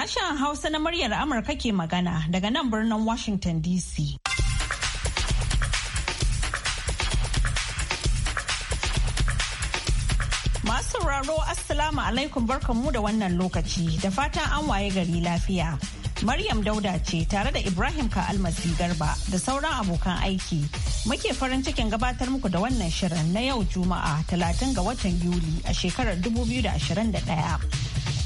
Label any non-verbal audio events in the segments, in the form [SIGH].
Sashen Hausa na muryar Amurka ke magana daga nan birnin Washington DC. Masu sauraro Assalamu alaikum barkanmu da wannan lokaci da fatan an waye gari lafiya. Maryam Dauda ce tare da Ibrahim Ka'almasi Garba da sauran abokan aiki. Muke farin cikin gabatar muku da wannan shirin na yau Juma'a 30 ga watan Yuli a shekarar 2021.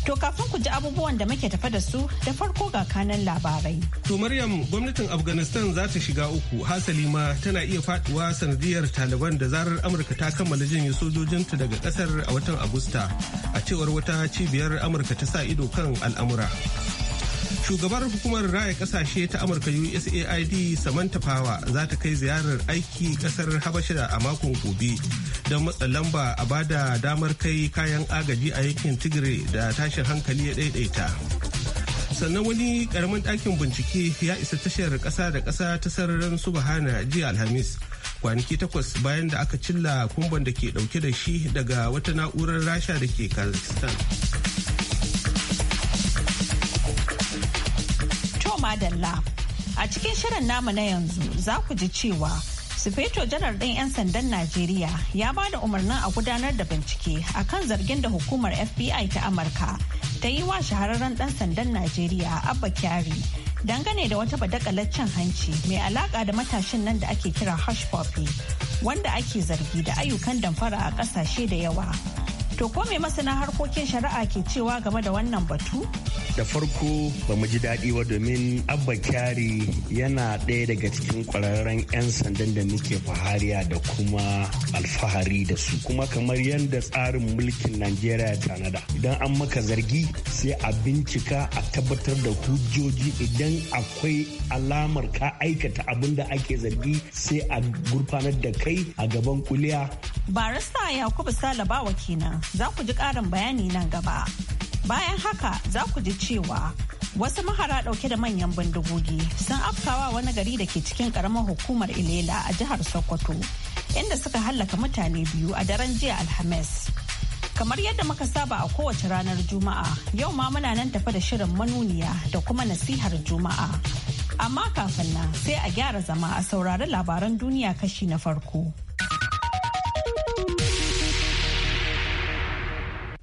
To kafin ku ji abubuwan da muke tafa da su da farko ga kanan labarai. To Maryam gwamnatin Afghanistan za ta shiga uku hasali ma tana iya faduwa sanadiyar Taliban da zarar Amurka ta kammala janye sojojinta daga kasar a watan Agusta a cewar wata cibiyar Amurka ta sa ido kan al'amura. shugabar hukumar raya kasashe ta amurka usaid samantha power za ta kai ziyarar aiki kasar habasha a makon gobe don matsa lamba a bada damar kai kayan agaji a yankin tigre da tashin hankali ya daidaita sannan wani karamin ɗakin bincike ya isa tashar ƙasa da ƙasa ta sararin subhana jiya alhamis kwanaki takwas bayan da aka cilla kumban da ke dauke da shi daga wata na'urar rasha da ke kazakhstan madalla. A cikin shirin namu na yanzu za ku ji cewa Sufeto janar ɗin 'yan sandan Najeriya ya ba da umarnin a gudanar da bincike a kan zargin da hukumar FBI ta Amurka ta yi wa shahararren ɗan sandan Najeriya Abba Kyari dangane da wata badakalar hanci mai alaƙa da matashin nan da ake kira Hush wanda ake zargi da ayyukan damfara a ƙasashe da yawa. To ko me masana harkokin shari'a ke cewa game da wannan batu? da farko ba mu ji daɗi ba domin abba kyari yana ɗaya daga cikin ƙwararren 'yan sandan da muke fahariya da kuma alfahari da su kuma kamar yadda tsarin mulkin najeriya ya tanada idan an maka zargi sai a bincika a tabbatar da hujjoji idan akwai alamar ka aikata abin da ake zargi sai a gurfanar da kai a gaban kuliya barista yakubu salaba wakina za ku ji ƙarin bayani nan gaba. Bayan haka za ku ji cewa wasu mahara ɗauke da manyan bindigogi sun afkawa wani gari da ke cikin ƙaramar hukumar Ilela a jihar Sokoto inda suka hallaka mutane biyu a daren jiya Alhamis. Kamar yadda muka saba a kowace ranar Juma'a, yau ma muna nan tafi da shirin manuniya da kuma nasihar Juma'a. Amma kafin nan sai a gyara zama a saurari labaran duniya kashi na farko.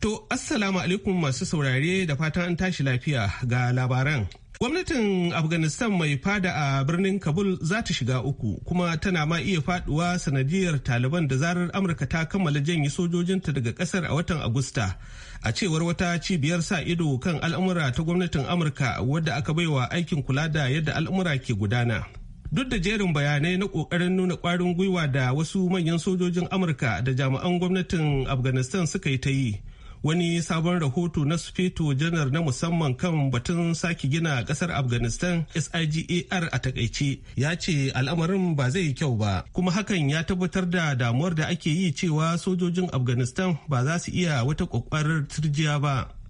To, Assalamu alaikum masu saurare da fatan an tashi lafiya ga labaran. Gwamnatin Afghanistan mai fada a birnin Kabul za ta shiga uku kuma tana ma iya faduwa sanadiyar Taliban da zarar Amurka ta kammala janye sojojinta daga kasar a watan Agusta. A cewar wata cibiyar sa ido kan al'amura ta gwamnatin Amurka wadda aka baiwa aikin kula da yadda al'amura ke gudana. duk da jerin bayanai na kokarin nuna kwarin gwiwa da wasu manyan sojojin amurka da jami'an gwamnatin afghanistan suka yi ta yi wani sabon rahoto na sufeto janar na musamman kan batun sake gina kasar afghanistan sigar a takaice ya ce al'amarin ba zai yi kyau ba kuma hakan ya tabbatar da damuwar da ake yi cewa sojojin afghanistan ba za su iya wata kwakwarar turjiya ba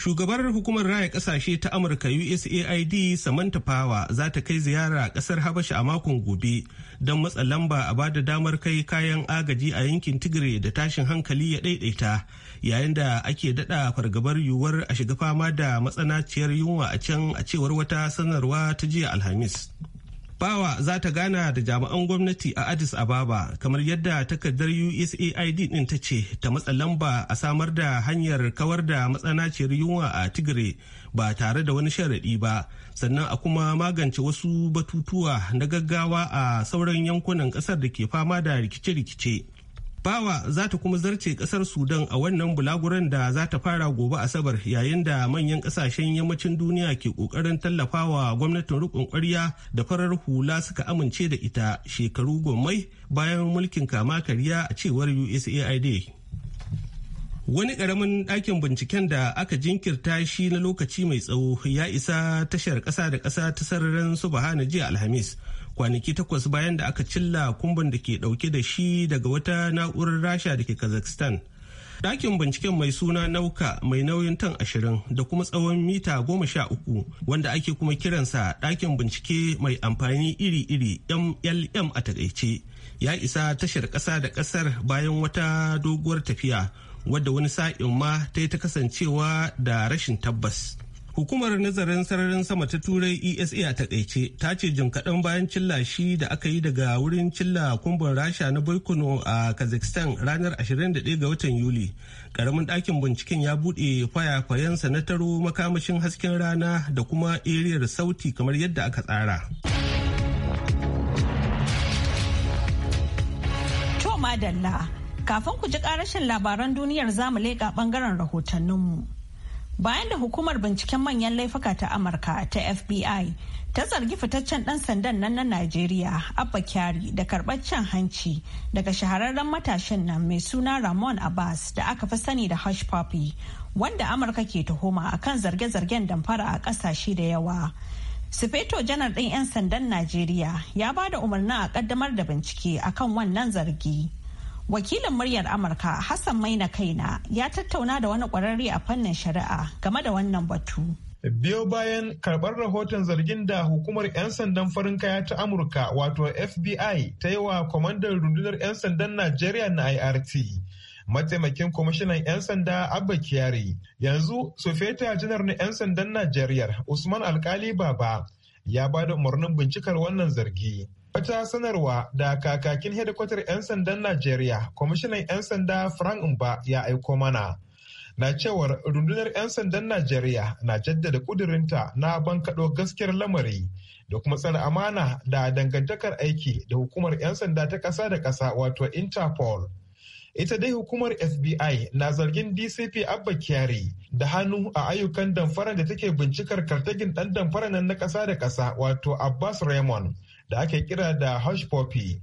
Shugabar hukumar raya kasashe ta Amurka USAID Samantha Power za ta kai ziyara kasar Habasha a makon gobe don matsa lamba a ba da damar kai kayan agaji a yankin Tigray da tashin hankali ya daidaita yayin da ake dada fargabar yiwuwar a shiga fama da matsanaciyar yunwa a can a cewar wata sanarwa ta jiya Alhamis. Bawa za ta gana da jami'an gwamnati a Addis Ababa kamar yadda takardar USAID din ta ce ta matsa lamba a samar da hanyar kawar da matsanaciyar yunwa a Tigray ba tare da wani sharaɗi ba sannan a kuma magance wasu batutuwa na gaggawa a sauran yankunan ƙasar da ke fama da rikice-rikice. bawa za ta kuma zarce kasar sudan a wannan bulaguran da za ta fara gobe asabar yayin da manyan kasashen yammacin duniya ke kokarin tallafawa gwamnatin rukun kwarya da farar hula suka amince da ita shekaru gomai bayan mulkin kama karya a cewar usaid wani ƙaramin ɗakin binciken da aka jinkirta shi na lokaci mai tsawo ya isa tashar ƙasa da ƙasa ta sararin subhana jiya alhamis kwanaki takwas bayan da aka cilla kumban da ke dauke da shi daga wata na'urar rasha da ke kazakhstan Dakin binciken mai suna nauka mai nauyin tan ashirin da kuma tsawon mita goma sha uku wanda ake kuma kiransa dakin bincike mai amfani iri-iri mlm a takaice ya isa tashar ƙasa da ƙasar bayan wata doguwar tafiya wadda wani sa'in ma ta yi ta kasancewa da rashin tabbas. Hukumar nazarin sararin sama ta turai ESA a takaice ta ce jim kaɗan bayan cilla shi da aka yi daga wurin cilla kumbin rasha na Boikono a Kazakhstan ranar 21 ga watan Yuli. Karamin ɗakin binciken ya buɗe kwayayensa na taro makamashin hasken rana da kuma eriyar sauti kamar yadda aka tsara. To madalla, kafin ku ji ƙarashin labaran duniyar zamu leƙa ɓangaren rahotanninmu. bayan da hukumar binciken manyan laifuka ta amurka ta fbi ta zargi fitaccen dan sandan nan na najeriya abba kyari da karɓar cin hanci daga shahararren matashin nan mai suna ramon abbas da aka fi sani da hush puppy wanda amurka ke tuhuma akan zarge-zargen damfara a ƙasashe da yawa sufeto janar ɗin 'yan sandan najeriya ya ba da umarnin a ƙaddamar da bincike akan wannan zargi Wakilin muryar Amurka Hassan Maina Kaina ya tattauna da wani ƙwararre a fannin shari'a game da wannan batu. Biyo bayan karɓar rahoton zargin da hukumar 'yan sandan farin kaya ta Amurka wato FBI ta yi wa kwamandan rundunar 'yan sandan Najeriya na IRT. mataimakin kwamishinan 'yan sanda abba kyari yanzu sofeta janar na 'yan sandan najeriya usman alkali baba ya ba da umarnin bincikar wannan zargi Wata sanarwa da kakakin hedikwatar 'yan sandan Najeriya, kwamishinan 'yan sanda Frank Mba ya aiko mana. Na cewar rundunar 'yan sandan Najeriya na jaddada kudurinta na bankaɗo gaskiyar lamari da kuma tsare amana da dangantakar aiki da hukumar 'yan sanda ta ƙasa da ƙasa wato Interpol. ita dai hukumar FBI na zargin DCP Abba Kyari da hannu a ayyukan damfara da take bincikar kartagin ɗan damfara nan na ƙasa da ƙasa wato Abbas Raymond da ake kira da hush poppy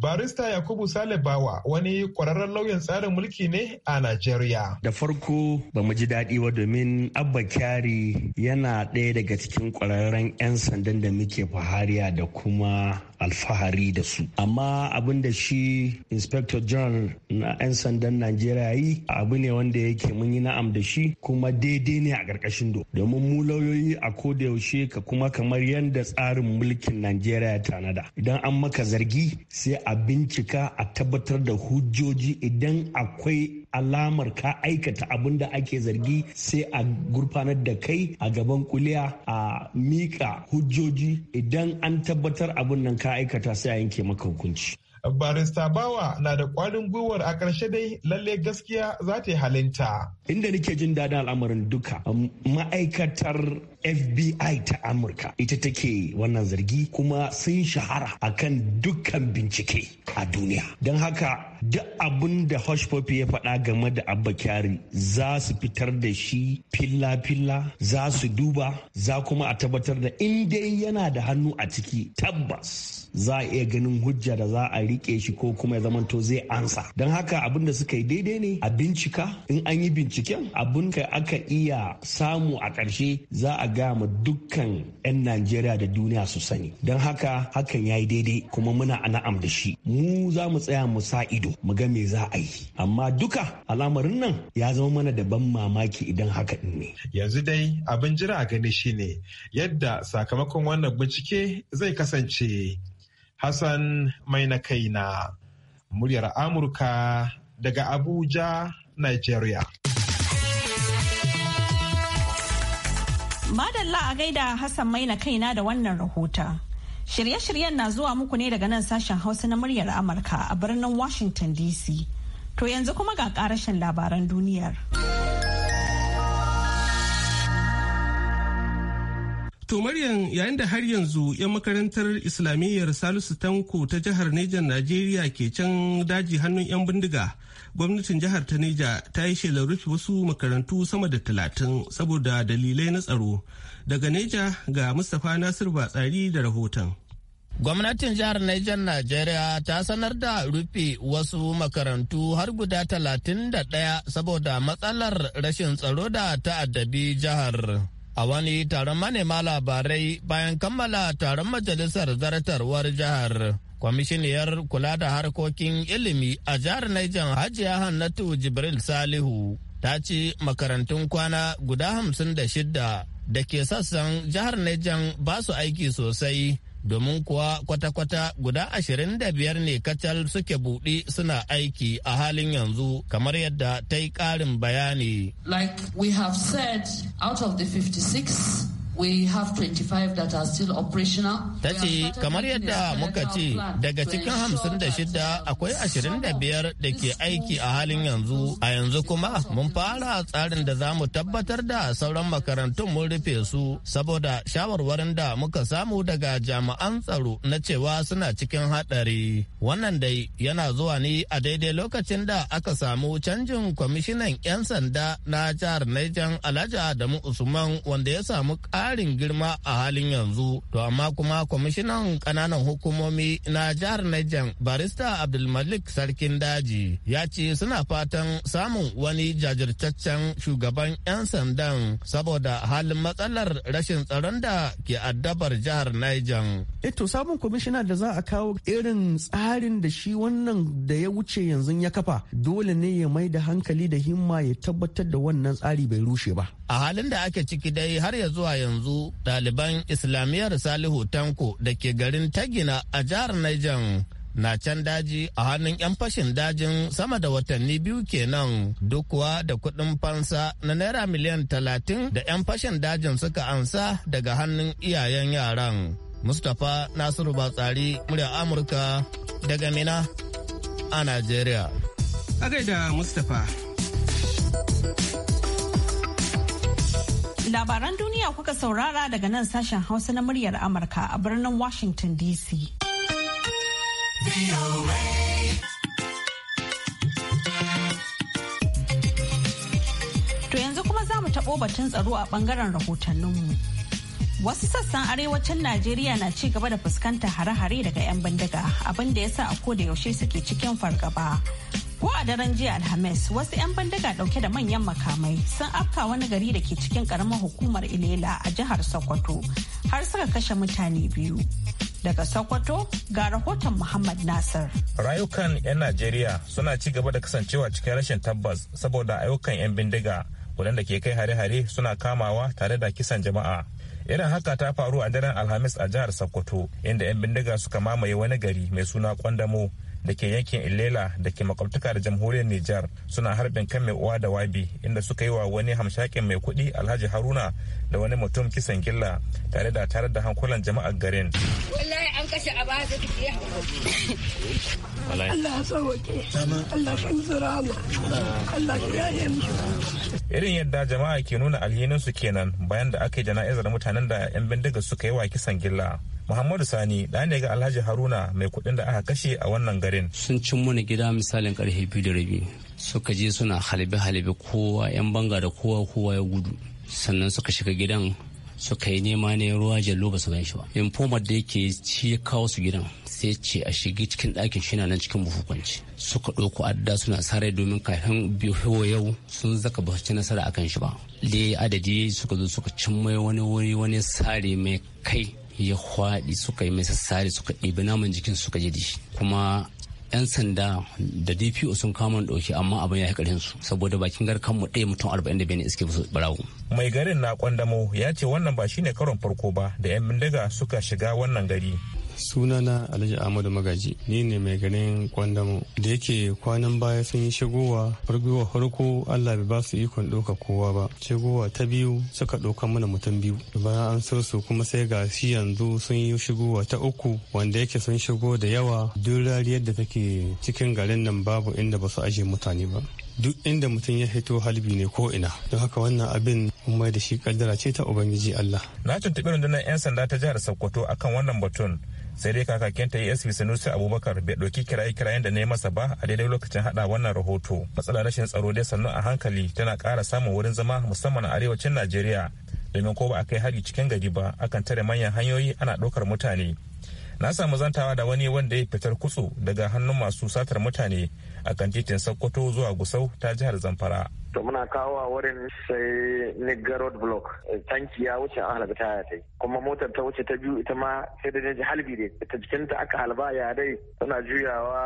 barista yakubu Salibawa wani kwararren lauyan tsarin mulki ne a najeriya da farko ba mu ji daɗi ba domin abba kyari yana ɗaya daga cikin ƙwararren 'yan sandan da muke fahariya da kuma alfahari da su amma abin da shi inspector John na 'yan sandan najeriya yi abu ne wanda yake mun yi na'am da shi kuma daidai ne a ƙarƙashin do domin mu lauyoyi a koda yaushe ka kuma kamar yadda tsarin mulkin najeriya tanada idan an maka zargi sai a bincika a tabbatar da hujjoji idan akwai alamar ka aikata abin da ake zargi sai a gurfanar da kai a gaban kuliya a mika hujjoji idan an tabbatar abin nan ka aikata sai a yanke maka hukunci. barista bawa na da kwarin gwiwar a ƙarshe dai lalle gaskiya za ta yi halinta. Inda nake jin daɗin al'amarin duka ma'aikatar FBI ta Amurka ita take wannan zargi kuma sun shahara A kan dukkan bincike a duniya. Don haka duk abin da Hush ya faɗa game da Abba Kyari za su fitar da shi filla-filla za su duba za kuma a tabbatar da in dai yana da hannu a ciki tabbas za a iya ganin hujja da za a rike shi ko kuma ya zamanto zai ansa don haka abin da suka yi daidai ne a bincika in an yi binciken abin da aka iya samu a ƙarshe za a gama dukkan 'yan najeriya da duniya su sani don haka hakan ya yi daidai kuma muna na'am da shi mu za mu tsaya mu sa ido mu ga me za a yi amma duka al'amarin nan ya zama mana da ban mamaki idan haka din ne yanzu dai abin jira a gani shi ne, yadda sakamakon wannan bincike zai kasance hassan mai na kai na muryar amurka daga abuja nigeria Madalla a gaida Hassan Maina kaina da wannan rahota. Shirye-shiryen na zuwa muku ne daga nan sashen Hausa na muryar Amurka a birnin Washington DC. To yanzu kuma ga karashin labaran duniyar. To Maryam yayin da har yanzu 'yan makarantar Islamiyyar Salisu Tanko ta jihar Nijar Najeriya ke can daji hannun 'yan bindiga. gwamnatin jihar ta Neja ta yi shelar rufe wasu makarantu sama da talatin saboda dalilai na tsaro. Daga Neja ga Mustapha Nasir Batsari da rahoton. Gwamnatin jihar Nijar Najeriya ta sanar da rufe wasu makarantu har guda talatin da ɗaya saboda matsalar rashin tsaro da ta'addabi jihar. a wani taron manema labarai bayan kammala taron majalisar zartarwar jihar kwamishiniyar kula da harkokin ilimi a jihar Niger Hajiya Hannatu Jibril Salihu ta ce makarantun kwana guda hamsin da shidda da ke sassan jihar Niger ba su aiki sosai domin kuwa kwata-kwata guda ashirin da biyar ne kacal suke buɗe suna aiki a halin yanzu kamar yadda ta yi ƙarin bayani. Like we have said, out of the 56 Ta ce, kamar yadda muka ce, daga cikin hamsin da shida uh, akwai ashirin da biyar da ke aiki a halin yanzu. A yanzu kuma mun fara tsarin da za mu tabbatar da sauran makarantun mun rufe su saboda shawarwarin da muka samu daga jami'an tsaro na cewa suna cikin haɗari. Wannan dai yana zuwa ne a daidai lokacin da aka samu canjin kwamishinan 'yan sanda na jihar Niger Alhaji Adamu Usman wanda ya samu ƙara ƙarin girma a halin yanzu to amma kuma kwamishinan ƙananan hukumomi na jihar Niger barista Abdulmalik sarkin daji ya ce suna fatan samun wani jajirtaccen shugaban 'yan sandan saboda halin matsalar rashin tsaron da ke addabar jihar Niger. Eto sabon kwamishina da za a kawo irin tsarin da shi wannan da ya wuce yanzu ya kafa dole ne ya mai da hankali da himma ya tabbatar da wannan tsari bai rushe ba. A halin da ake ciki dai har ya zuwa yanzu yanzu ɗaliban islamiyyar salihu tanko da ke garin tagina a jihar niger na can daji a hannun 'yan fashin dajin sama da watanni biyu kenan duk kuwa da kuɗin fansa na naira miliyan talatin da 'yan fashin dajin suka ansa daga hannun iyayen yaran mustapha nasiru batsari murya amurka daga mina a nigeria a mustapha Labaran duniya kuka saurara daga nan sashen Hausa na muryar Amurka a birnin Washington DC. To yanzu kuma za mu taɓo batun tsaro a ɓangaren rahotanninmu. Wasu sassan arewacin Najeriya na ci gaba da fuskantar hare-hare daga 'yan bindiga abinda da ya sa a da yaushe suke cikin fargaba. Ko a daren jiya Alhamis wasu 'yan bindiga dauke da manyan makamai sun afka wani gari da ke cikin karamar hukumar Ilela a jihar Sokoto har suka kashe mutane biyu. Daga Sokoto ga rahoton Muhammad Nasir. Rayukan 'yan Najeriya suna ci gaba da kasancewa cikin rashin tabbas saboda ayyukan 'yan bindiga waɗanda ke kai hare-hare suna kamawa tare da kisan jama'a. irin haka ta faru a daren alhamis a jihar sokoto inda 'yan bindiga suka mamaye wani gari mai suna kwandamo da ke yankin ilela da ke makwabtaka da jamhuriyar nijar suna harbin kan mai uwa da wabi inda suka yi wa wani hamshakin mai kuɗi alhaji haruna da wani mutum kisan gilla tare da tare da hankulan jama'ar garin. Wallahi an kashe a baya zai fiye Allah ya sauke. Allah ya zura Allah shi ya Irin yadda jama'a ke nuna alhininsu kenan bayan da aka yi jana'izar mutanen da 'yan bindiga suka yi wa kisan gilla. Muhammadu Sani da ne ga Alhaji Haruna mai kuɗin da aka kashe a wannan garin. Sun cin mana gida misalin karfe biyu da rabi. Suka je suna halibe-halibe kowa 'yan banga da kowa kowa ya gudu. sannan suka shiga gidan suka yi nema ne ruwa jallo ba su gan shi ba informant da yake ci ya kawo su gidan sai ce a shigi cikin ɗakin shi nan cikin buhu suka ɗauko adda suna sare domin kafin biyo yau sun zaka ba ci nasara akan shi ba da adadi suka zo suka cin mai wani wuri wani sare mai kai ya kwaɗi suka yi mai sassare suka ɗibi naman jikin suka je da shi kuma 'yan sanda da dpo sun kama ɗauki amma abin ya karin su saboda bakin garkan mu ɗaya mutum arba'in da biyar iske su barawo. mai garin na kwandamo ya ce wannan ba shine karon farko ba da 'yan bindiga suka shiga wannan gari sunana alhaji ahmadu magaji ni ne mai ganin kwandamo da yake kwanan baya sun yi shigowa fargowa farko allah bai ba su ikon ɗauka kowa ba shigowa ta biyu suka ɗauka mana mutum biyu bayan an so su kuma sai ga shi yanzu sun yi shigowa ta uku wanda yake sun shigo da yawa duk rariyar da take cikin garin nan babu inda ba su aje mutane ba duk inda mutum ya hito halbi ne ko ina don haka wannan abin mai da shi kaddara ce ta ubangiji Allah. Na tuntuɓi rundunar 'yan sanda ta jihar Sokoto akan wannan batun sai dai kakakin ta ASP Sanusi Abubakar bai ɗauki kiraye-kirayen da na yi masa ba a daidai lokacin haɗa wannan rahoto. Matsalar rashin tsaro dai sannu a hankali tana ƙara samun wurin zama musamman a arewacin Najeriya domin ko ba a kai hari cikin gari ba akan tare manyan hanyoyi ana ɗaukar mutane. Na samu zantawa da wani wanda ya fitar kutsu daga hannun masu satar mutane a kan titin sokoto zuwa gusau ta jihar zamfara to muna kawo a wurin sai nigga road block eh, tanki ya wuce an halba taya ta kuma motar ta wuce ta biyu ita ma sai da ji halbi ne ta jikinta aka halba ya dai tana juyawa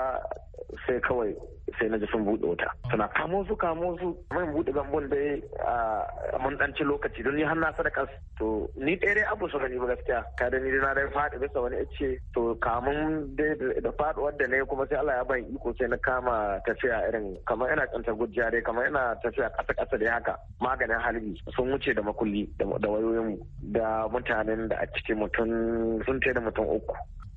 sai kawai sai na ji sun buɗe wuta tana kamo su kamo su mun buɗe gambon dai a mun dan ci lokaci don ni har na sadaka to ni ɗaya dai abu su gani ba gaskiya ka da ni dai na dai faɗi bisa wani ice to kamun dai da faɗuwar da ne kuma sai Allah ya ban iko sai na kama tafiya irin kamar ina kanta dai kamar yana tafiya ƙasa ƙasa da haka maganin halbi sun wuce da makulli da wayoyin da mutanen da a cikin mutum sun da mutum uku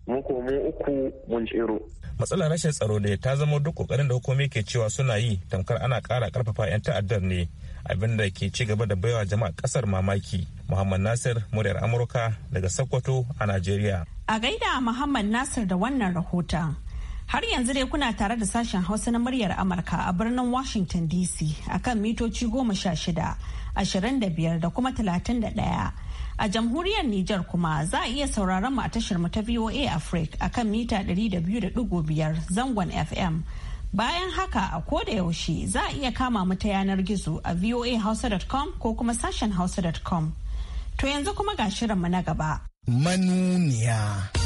mu ko mu uku mun tsero. matsalar rashin tsaro ne ta zama duk kokarin da hukumi ke cewa suna yi tamkar ana ƙara ƙarfafa 'yan ta'addar ne abin da ke ci gaba da baiwa jama'a kasar mamaki. Muhammad Nasir muryar Amurka daga Sokoto a Najeriya. A gaida Muhammad Nasir da wannan rahoton. Har yanzu dai kuna tare da sashen Hausa na muryar Amurka a birnin Washington DC a kan mitoci goma sha shida, ashirin da biyar da kuma talatin da ɗaya. A jamhuriyar Nijar kuma za a iya sauraron mu a tashar mu ta VOA Africa a kan mita ɗari da biyu da ɗigo biyar zangon FM. Bayan haka a koda yaushe za a iya kama mu ta yanar gizo a voahausa.com ko kuma sashen hausa.com. To yanzu kuma ga shirin mu na gaba. Manuniya.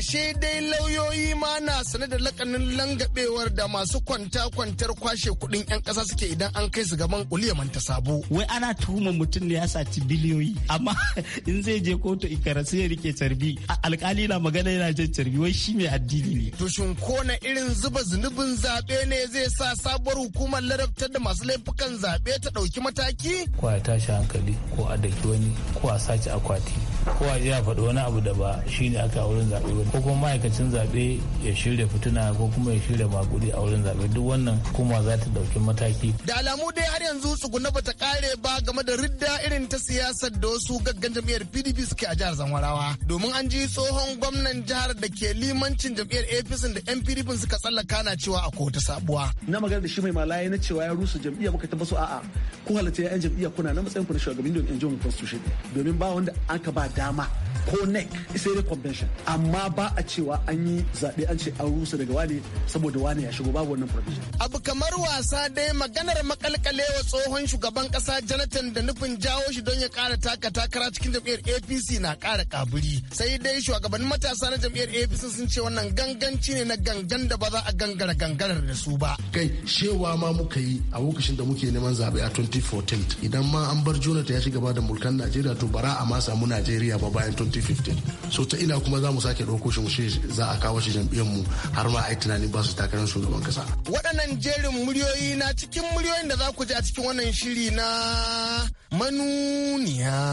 ashe dai lauyoyi ma na sane da lakanin langabewar da masu kwanta kwantar kwashe kudin 'yan kasa suke idan an kai su gaban kuliyaman ta sabo wai ana tuhumar mutum ne ya saci biliyoyi amma [LAUGHS] in zai je kotu ikara sai ya rike carbi alkali na magana yana jan carbi wai shi mai addini ne to shin ko na irin zuba zunubin zabe ne zai sa sabuwar hukumar larabtar da masu laifukan zabe ta ɗauki mataki ko a tashi hankali ko a daki wani ko a sace akwati kowa ya faɗi wani abu da ba shi ne aka wurin zaɓe ba ko kuma ma'aikacin zaɓe ya shirya fituna ko kuma ya shirya makuri a wurin zaɓe duk wannan kuma za ta ɗauki mataki. da alamu dai har yanzu tsuguna bata ƙare ba game da ridda irin ta siyasar da wasu gaggan jam'iyyar pdp suke a jihar zamwarawa domin an ji tsohon gwamnan jihar da ke limancin jam'iyyar apc da yan pdp suka tsallaka na cewa a kota sabuwa. na magana da shi mai malaye na cewa ya rusa jam'iyya muka tabbasu a'a ku halatta yan jam'iyya kuna na matsayin ku na shugabanni don yan jihar constitution domin ba wanda aka ba dama ko nec sai dai convention amma ba a cewa an yi zaɓe an ce an rusa daga wane saboda wane ya shigo babu wannan provision. abu kamar wasa dai maganar wa tsohon shugaban kasa jonathan da nufin jawo shi don ya kara taka takara cikin jam'iyyar apc na kara kaburi sai dai shugabannin matasa na jam'iyyar apc sun ce wannan ganganci ne na gangan da ba za a gangara gangarar da su ba kai shewa ma muka yi a lokacin da muke neman zaɓe a 2014 idan ma an bar jonathan ya shiga da mulkan najeriya to bara a ma samu najeriya ba bayan 2015 so ta ina kuma za mu sake ɗauko shi mu za a kawo shi mu har ma a yi tunanin ba su takarar shugaban kasa. waɗannan jerin muryoyi na cikin muryoyin da za ku ji a cikin wannan shiri na manuniya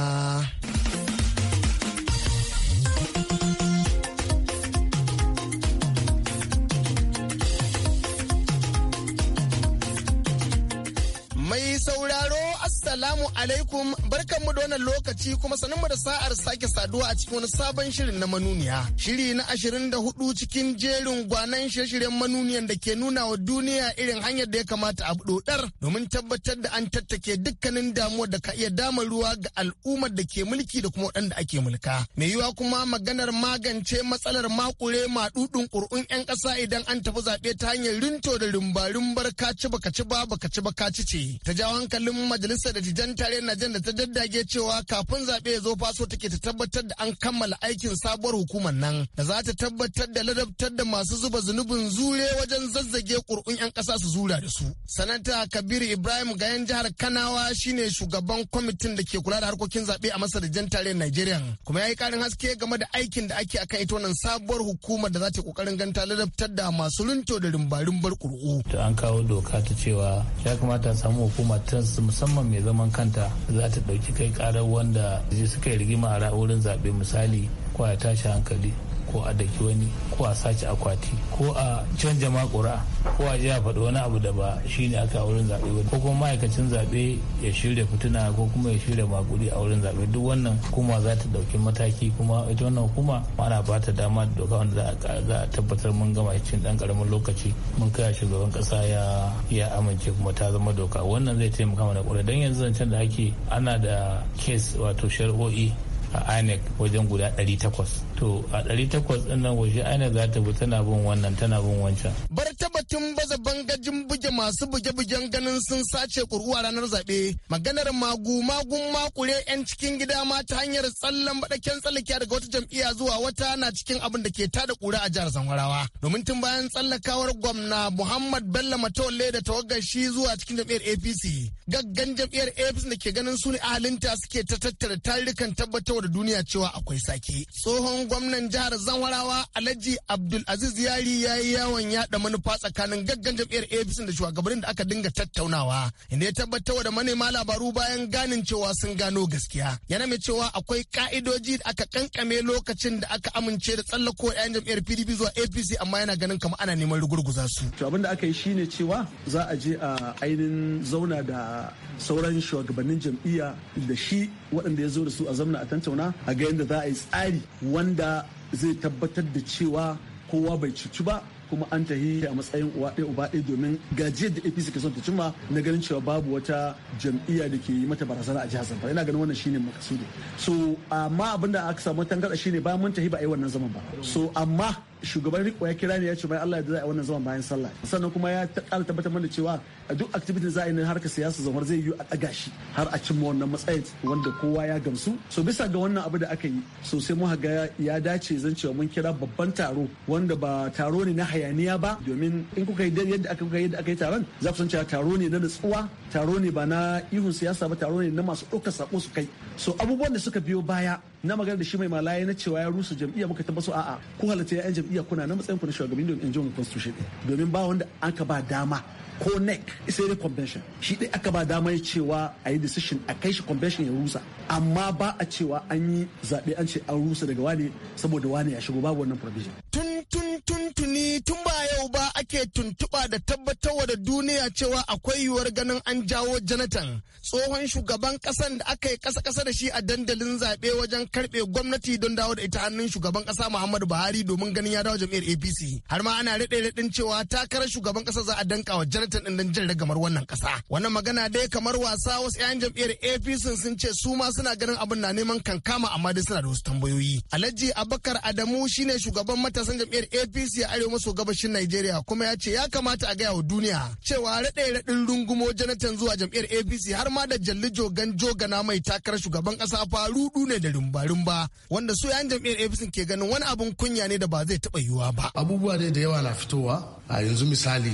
Assalamu alaikum mu da wannan lokaci kuma sanunmu da sa'ar sake saduwa a cikin wani sabon shirin na manuniya. Shiri na ashirin da hudu cikin jerin gwanan shirye-shiryen manuniyan da ke nuna wa duniya irin hanyar da ya kamata a dodar domin tabbatar da an tattake dukkanin damuwar da ka iya dama ruwa ga al'ummar da ke mulki da kuma waɗanda ake mulka. Mai yiwa kuma maganar magance matsalar makure maɗuɗin ƙuri'un 'yan ƙasa idan an tafi zaɓe ta hanyar rinto da rumbarin barka ci baka ci ba baka ci ba ci ce. Ta jawo hankalin majalisar da gwamnati jan tare na da ta daddage cewa kafin zaɓe ya zo faso take ta tabbatar da an kammala aikin sabuwar hukumar nan da za ta tabbatar da ladabtar da masu zuba zunubin zure wajen zazzage kurkun 'yan ƙasa su zura da su. Sanata Kabiru Ibrahim Gayan jihar Kanawa shine shugaban kwamitin da ke kula da harkokin zaɓe a Masar jan tare Nigeria kuma ya yi ƙarin haske game da aikin da ake akan ita wannan sabuwar hukumar da za ta ƙoƙarin ganta ladabtar da masu lunto da rimbarimbar kurku. An kawo doka ta cewa ya kamata a samu hukuma ta musamman mai zaman kanta za ta ɗauki kai karar wanda suka yi rigima a wurin zaɓe misali kwaya ya tashi hankali ko a daki wani ko a sace akwati ko a canja makura ko a ji a faɗi wani abu da ba shi ne aka wurin zaɓe wani ko kuma ma'aikacin zaɓe ya shirya fituna ko kuma ya shirya makuri a wurin zaɓe duk wannan hukuma za ta ɗauki mataki kuma ita wannan hukuma ana ba ta dama da doka wanda za a tabbatar mun gama cin ɗan ƙaramin lokaci mun kai shugaban ƙasa ya ya amince kuma ta zama doka wannan zai taimaka mana ƙwarai don yanzu zancen da ake ana da kes wato shari'o'i a inec wajen guda 800 to a ɗari takwas ɗin nan waje aina za ta bi tana bin wannan tana bin wancan. bar tun baza bangajin buge masu buge-bugen ganin sun sace kuruwa ranar zaɓe maganar magu magun makure 'yan cikin gida ma ta hanyar tsallan baɗaken tsallake daga wata jam'iyya zuwa wata na cikin abin da ke tada kura a jihar zamfarawa domin tun bayan tsallakawar gwamna muhammad bello matole da tawagar shi zuwa cikin jam'iyyar apc gaggan jam'iyyar apc da ke ganin su ne ahalinta suke ta tattara tarikan tabbatar da duniya cewa akwai sake tsohon gwamnan jihar Zanwarawa Alhaji Abdul Yari ya yi yawon yada manufa tsakanin gaggan jam'iyyar APC da shugabannin da aka dinga tattaunawa inda ya tabbatar da manema labaru bayan ganin cewa sun gano gaskiya. Yana mai cewa akwai ka'idoji da aka kankame lokacin da aka amince da tsallako ɗayan jam'iyyar PDP zuwa APC amma yana ganin kamar ana neman rugurguza su. To abin da aka yi shine cewa za a je a ainin zauna da sauran shugabannin jam'iyya da shi waɗanda ya zo da su a zamna a tantauna a ga yadda za a yi tsari wanda zai tabbatar da cewa kowa bai cuci ba kuma an tahi a matsayin uwa ɗaya uba ɗaya domin gajiyar da apc ke son ta cimma na ganin cewa babu wata jam'iyya da ke yi mata barazana a jihar zamfara ina ganin wannan shine makasudi so amma abin aka samu tangarɗa shine bayan mun tahi ba a yi wannan zaman ba so amma shugaban riko ya kira ne ya ce mai Allah da za a wannan zaman bayan sallah sannan kuma ya kara tabbatar mana cewa a duk activity za a yi na harkar siyasa zamar zai yi a ɗaga shi har a cimma wannan matsayin wanda kowa ya gamsu so bisa ga wannan abu da aka yi Sosai sai mu ga ya dace zan cewa mun kira babban taro wanda ba taro ne na hayaniya ba domin in kuka yi yadda aka kuka yadda aka yi taron za ku san cewa taro ne na natsuwa taro ne ba na ihun siyasa ba taro ne na masu ɗaukar sako su kai so abubuwan da suka biyo baya na magana da shi mai malaye na cewa ya rusa jam'iyya muka tabbasu a'a ku halatta ya yan jam'iyya kuna na matsayin ku na shugaban don in ji constitution domin ba wanda aka ba dama ko nec sai dai convention shi dai aka ba dama ya cewa a yi decision a kai shi convention ya rusa amma ba a cewa an yi zaɓe an ce an rusa daga wane saboda wane ya shigo babu wannan provision tun ake tuntuɓa da tabbatarwa da duniya cewa akwai yiwuwar ganin an jawo janatan tsohon shugaban ƙasan da aka yi ƙasa-ƙasa da shi a dandalin zaɓe wajen karɓe gwamnati don dawo da ita hannun shugaban ƙasa Muhammadu Buhari domin ganin ya dawo jam'iyyar APC. Har ma ana raɗe raɗin cewa takarar shugaban ƙasa za a danka wa janatan ɗin don jin ragamar wannan ƙasa. Wannan magana dai kamar wasa wasu 'yan jam'iyyar APC sun ce su ma suna ganin abin na neman kankama amma dai suna da wasu tambayoyi. Alhaji Abubakar Adamu shine shugaban matasan jam'iyyar APC a arewa maso gabashin Najeriya kuma kuma ya ce ya kamata a gaya wa duniya cewa raɗe raɗin rungumo Jonathan zuwa jam'iyyar APC har ma da jalli jogan jogana mai takarar shugaban kasa fa rudu ne da rumba-rumba wanda su yan jam'iyyar APC ke ganin wani abun kunya ne da ba zai taɓa yiwuwa ba. Abubuwa dai da yawa na fitowa a yanzu misali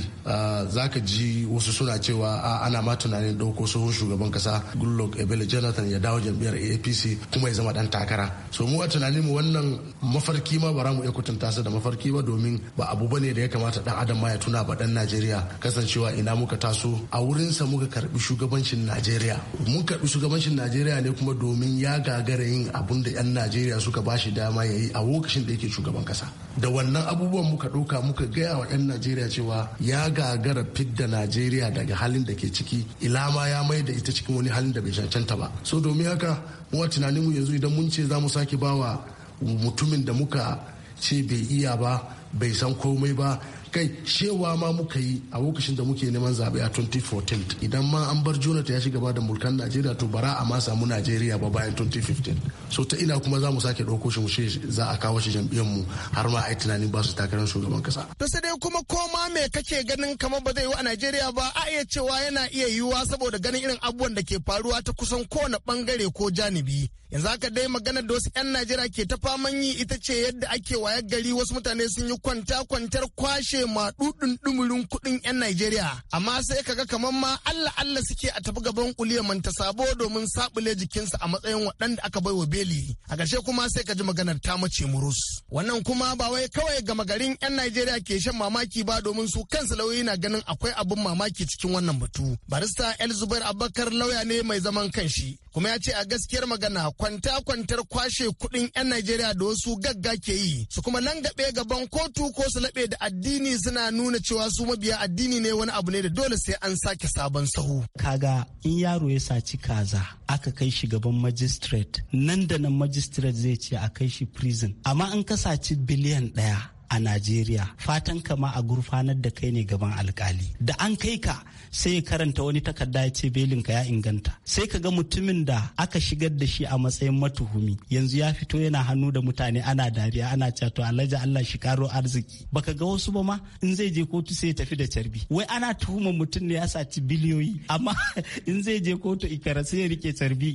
za ka ji wasu suna cewa ana ma tunanin ɗauko tsohon shugaban kasa goodluck ebele jonathan ya dawo jam'iyyar apc kuma ya zama ɗan takara so mu a tunanin mu wannan mafarki ma ba za mu iya kutunta su da mafarki ba domin ba abu bane da ya kamata ɗan adam adam maya tuna ba dan najeriya kasancewa ina muka taso a wurinsa muka karbi shugabancin najeriya mun karbi shugabancin najeriya ne kuma domin ya gagara yin abun da yan najeriya suka ba shi dama ya yi a lokacin da yake shugaban kasa da wannan abubuwan muka ɗauka muka gaya wa yan najeriya cewa ya gagara fidda najeriya daga halin da ke ciki ila ma ya mai da ita cikin wani halin da bai cancanta ba so domin haka mu a tunaninmu yanzu idan mun ce za mu sake bawa mutumin da muka ce bai iya ba bai san komai ba kai cewa ma muka yi a lokacin da muke neman zaɓe a 2014 idan ma an bar jonata ya shiga ba da mulkan najeriya to bara a ma samu najeriya ba bayan 2015 so ta ina kuma za mu sake ɗauko shi mu za a kawo shi jam'iyyar mu har ma a yi tunanin ba su takarar shugaban kasa. to sai dai kuma koma me kake ganin kamar ba zai yi a najeriya ba a iya cewa yana iya yiwuwa saboda ganin irin abubuwan da ke faruwa ta kusan kowane bangare ko janibi. yanzu aka dai magana da wasu 'yan najeriya ke ta faman yi ita ce yadda ake wayar gari wasu mutane sun yi kwanta kwantar kwashe dudun dumurin kuɗin 'yan najeriya amma sai kaga kamar ma allah allah suke a tafi gaban kuliya manta sabo domin sabule jikinsa a matsayin waɗanda aka bai wa beli a ƙarshe kuma sai ka ji maganar ta mace murus wannan kuma ba wai kawai gama garin 'yan najeriya ke shan mamaki ba domin su kansu lauyi na ganin akwai abin mamaki cikin wannan batu barista el zubair abubakar lauya ne mai zaman kanshi kuma ya ce a gaskiyar magana kwanta-kwantar kwashe kuɗin 'yan Najeriya da wasu gagga ke yi su kuma nan langaɓe gaban kotu ko su laɓe da addini suna nuna cewa su mabiya addini ne wani abu ne da dole sai an sake sabon sahu. Kaga in yaro ya saci kaza aka kai shi gaban magistrate nan da nan magistrate zai ce a kai shi prison amma in ka saci biliyan ɗaya a Najeriya fatan kama a gurfanar da kai ne gaban alkali da an kai ka sai ya karanta wani takarda ya ce belin ka ya inganta sai ka ga mutumin da aka shigar da shi a matsayin matuhumi yanzu ya fito yana hannu da mutane ana dariya ana cato alhaji Allah shi karo arziki baka ga wasu ba ma in zai je kotu sai ya tafi da carbi wai ana tuhuma mutum ne ya saci biliyoyi amma [LAUGHS] in zai je kotu ikara sai ya rike carbi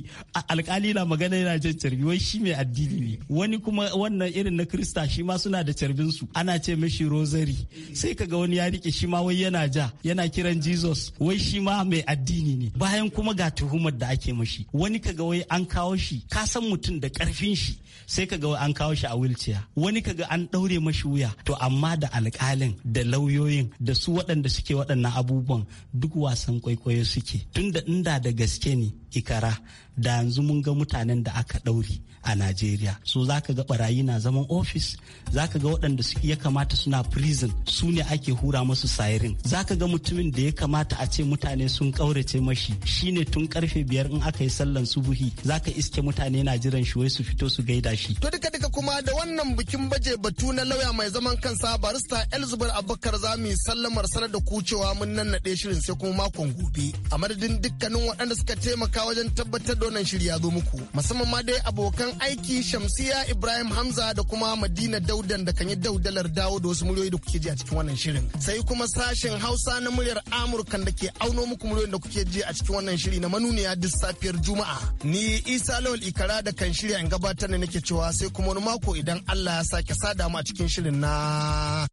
alkali na magana yana jan carbi wai shi mai addini ne wani kuma wannan irin na krista shi ma suna da carbin su ana ce mishi rosary sai kaga wani ya rike shi ma wai yana ja yana kiran jesus wai shi ma mai addini ne bayan kuma ga tuhumar da ake mishi wani kaga wai an kawo shi ka san mutum da karfin shi sai kaga wai an kawo shi a wilciya wani kaga an daure mashi wuya to amma da alkalin da lauyoyin da su waɗanda suke waɗannan abubuwan duk wasan kwaikwayo suke tunda inda da gaske ne ikara da yanzu mun ga mutanen da aka ɗauri a Najeriya. So za ka ga barayi na zaman ofis, za ka ga waɗanda su ya kamata suna prison su ne ake hura masu sayirin. Za ka ga mutumin da ya kamata a ce mutane sun ƙaurace mashi shi ne tun karfe biyar in aka yi sallan subuhi za ka iske mutane na jiran shi wai su fito su gaida shi. To duka duka kuma da wannan bikin baje batu na lauya mai zaman kansa barista Elizabeth Abubakar za mu yi sallamar sanar da kucewa mun nannaɗe shirin sai kuma makon gobe. A madadin dukkanin waɗanda suka taimaka wajen tabbatar da wannan shiri ya zo muku musamman ma dai abokan aiki Shamsiya Ibrahim Hamza da kuma Madina Daudan da kan yi daudalar dawo da wasu muryoyi da kuke ji a cikin wannan shirin sai kuma sashen Hausa na muryar Amurka da ke auno muku muryoyin da kuke ji a cikin wannan shiri na manuniya duk safiyar Juma'a ni Isa Lawal Ikara da kan shirya in gabatar ne nake cewa sai kuma wani mako idan Allah ya sake sada mu a cikin shirin na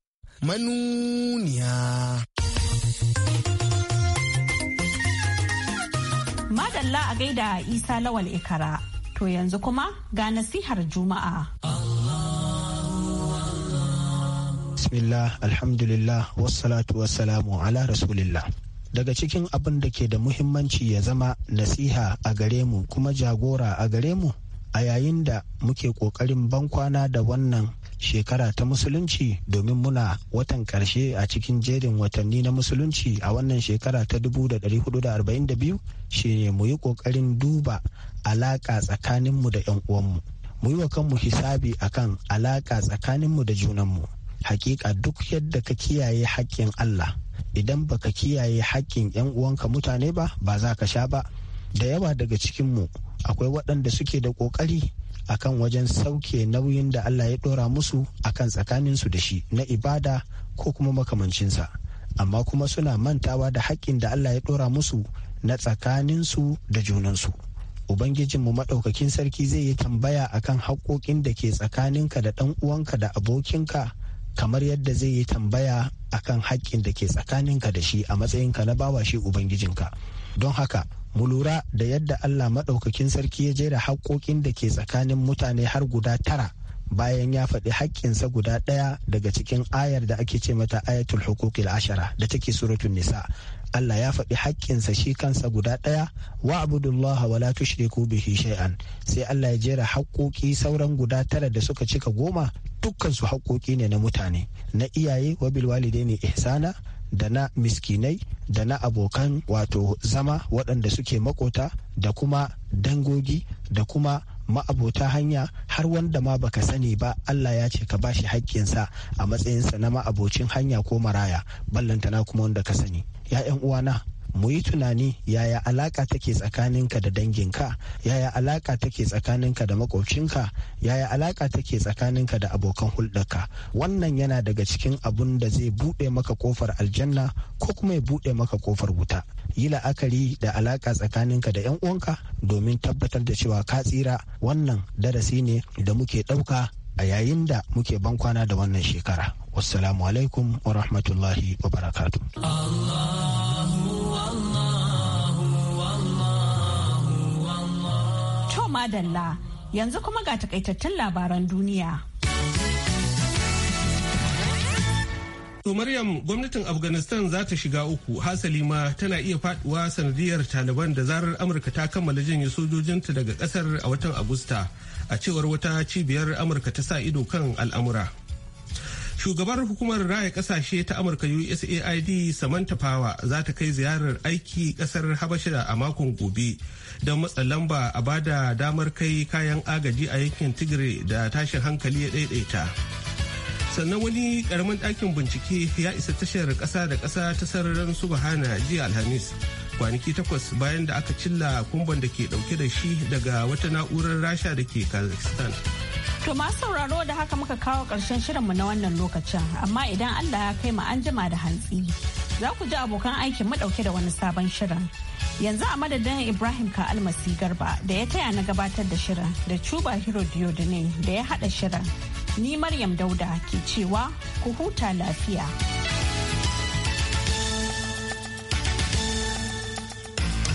manuniya. Madalla a gaida Isa Lawal Ikara. To yanzu kuma ga nasihar Juma'a. Bismillah, alhamdulillah, wassalatu wassalamu ala rasulillah. Daga cikin abin da ke da muhimmanci ya zama nasiha a gare mu kuma jagora a gare mu a yayin da muke ƙoƙarin bankwana da wannan shekara ta musulunci domin muna watan karshe a cikin jerin watanni na musulunci a wannan shekara ta 1442 shine mu yi kokarin duba alaka tsakaninmu da 'yan uwanmu mu yi wa kanmu hisabi akan alaka tsakaninmu da junanmu hakika duk yadda ka kiyaye haƙƙin Allah idan baka kiyaye haƙƙin 'yan uwanka mutane ba ba za ka sha ba da yawa daga cikinmu akwai waɗanda suke da ƙoƙari akan wajen sauke nauyin da Allah ya ɗora musu akan tsakaninsu da shi na ibada ko kuma makamancinsa amma kuma suna mantawa da haƙƙin da Allah ya dora musu na tsakaninsu da junansu ubangijinmu maɗaukakin sarki zai yi tambaya akan haƙoƙin da ke tsakaninka da ɗan uwanka da abokinka kamar yadda zai yi tambaya akan haƙƙin da ke tsakaninka da shi a matsayinka na bawa shi ubangijinka don haka mu lura da yadda allah maɗaukakin sarki ya jera haƙoƙin da ke tsakanin mutane har guda tara bayan ya faɗi haƙƙinsa guda ɗaya daga cikin ayar da ake ce mata ayatul hukukil ashara da take suratun nisa Allah ya faɗi haƙƙinsa shi kansa guda ɗaya wa abudullah wa la tushriku bihi shay'an sai Allah ya jera haƙoƙi sauran guda tara da suka cika goma dukkan su ne na mutane na iyaye wa bil walidaini ihsana da na miskinai da na abokan wato zama waɗanda suke makota da kuma dangogi da kuma ma'abota hanya har wanda ma baka sani ba Allah ya ce ka bashi haƙƙinsa a matsayinsa na ma'abocin hanya ko maraya ballantana kuma wanda ka sani ya 'yan uwana mu yi tunani yaya alaka take tsakaninka da danginka yaya alaka take tsakaninka da makwabcinka yaya alaka take tsakaninka da abokan hulɗarka wannan yana daga cikin abun da zai buɗe maka kofar aljanna ko kuma ya buɗe maka kofar wuta yi la'akari da alaka tsakaninka da 'yan uwanka domin tabbatar da cewa ka tsira wannan darasi ne da muke ɗauka a yayin da muke ban kwana da wannan shekara. Wassalamu alaikum wa rahmatullahi wa barakatu. To madalla yanzu kuma ga takaitattun labaran duniya. To Maryam gwamnatin Afghanistan za ta shiga uku hasali ma tana iya faduwa sanadiyar Taliban da zarar Amurka ta kammala janye sojojinta daga kasar a watan Agusta a cewar wata cibiyar Amurka ta sa ido kan al'amura. shugabar hukumar raya kasashe ta amurka usaid samantha power za ta kai ziyarar aiki kasar habasha a makon gobe don matsa lamba a bada damar kai kayan agaji a yankin tigray da tashin hankali ya daidaita sannan wani karamin ɗakin bincike ya isa tashar ƙasa da ƙasa ta sararin subhana jiya alhamis kwanaki takwas bayan da aka cilla kumban da ke dauke da shi daga wata na'urar rasha da ke kazakhstan to masu sauraro da haka muka kawo karshen shirinmu na wannan lokacin amma idan allah ya kai mu an jima da hantsi za ku ji abokan aikin mu dauke da wani sabon shirin yanzu a madadin ibrahim ka almasi garba da ya taya na gabatar da shirin da cuba hero diodine da ya hada shirin ni maryam dauda ke cewa ku huta lafiya